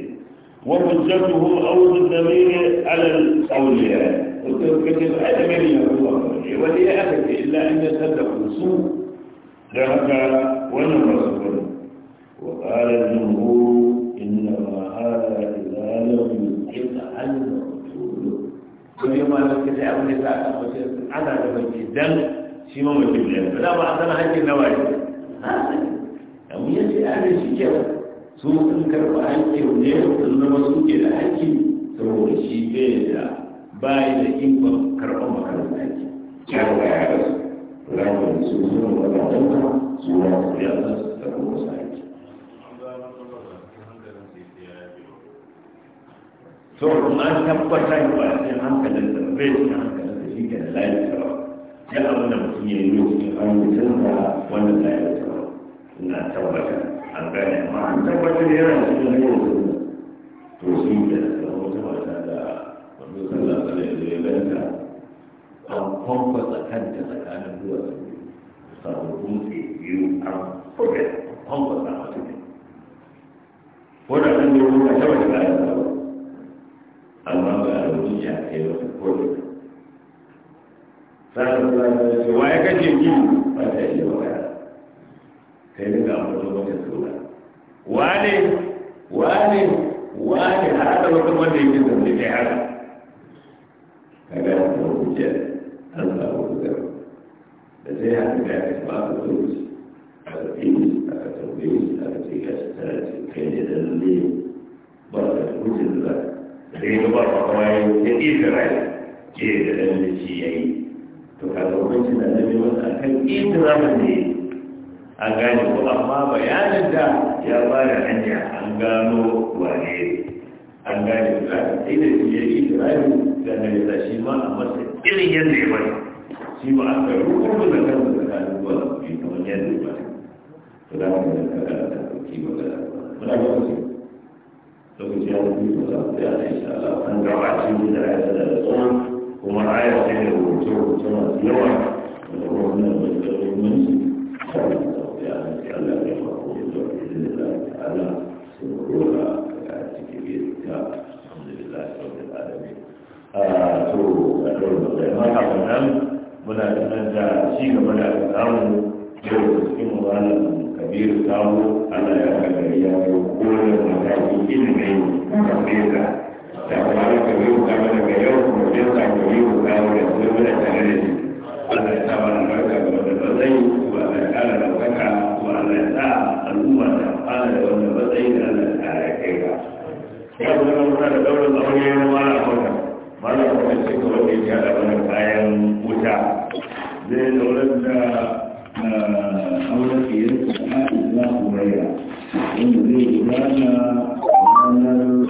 وحجته أو الضمير على الأولياء وكتب هذا من يقوى ولي أحد إلا أن يصدق الرسول لهذا ولا رسول وقال الجمهور إنما هذا إذا لم يطع المقتول كل ما لك تعب نساء أنا لمن جدا شيما من جبلة فلا ما أصلا هذه النواجد هذا أم يجي أهل الشجرة سوء الكرب أنك وليه وإنما سوء الأنك سوء الشيء بيدا باي da ikon karɓar makarantar ki ya ga ya rasu ranar su suna wadatawa su ya rasu da kuma to kuma an tabbatar ba a cikin hankalin da bai cikin hankalin da shi ke da layin ya abin da mutum ya yi cikin hankalin da wannan layin sarau tabbatar an gane ma an tabbatar yana cikin layin sarau to shi ke da sarau ta mata da wanda sallah da ya zai ganta an kwamfa tsakanta tsakanin duwatsu sababbin tsayiyu an kwamfa tsakanin duwatsu ko da kan yi wuka amma ba a rubuci a kai wata kodi sa'an kuma da cewa ya kace ki ba ta iya waya kai da ga mutum wata sura wane wane wane har da wata wanda yake zaune da haka kaga da rubuci an samu da da sai haka ga ya ba ta rubuci a rubuci a rubuci a rubuci a rubuci kai da lalle ba ta rubuci da dari itu ba ba kuma ya yi ya da rai da ɗan shi ya yi to ka ga hukuncin da zai masa a kan ya ko amma bayanin da ya bada hanya an gano wane an gane yi itiramin da na yasa ya bari shi ma aka rubuta lokaci ya fi ba za ku yana insha Allah kan gaba ce da ya da tsawon kuma aya ce da rubuce rubuce masu yawa da kuma wannan mai tsarki mun su sai da ya fi Allah ya fa ko da izinin Allah ta'ala sai mu rola ga cikin ta alhamdulillah rabbil alamin a to a dole da ma haka nan muna da nan da ci gaba da samu yau cikin wannan kabiru sabo ana ya kagari ya yi kowane mataki ilimi da fesa da kuma da kabiru kama daga yau kuma da sa kabiru kama da su da tare da shi ya barka ga wanda ba zai ko Allah ya kara da ko Allah ya sa al'umma ta fara da wanda ba zai da Allah ya kara kai ba ya kuma da mutane da daular aure na mara kwata mara kwata ce kawai da ya ala wani kayan wuta zai daular da auren ɗiyarsa a haɗin za a wanda zai gudana ranar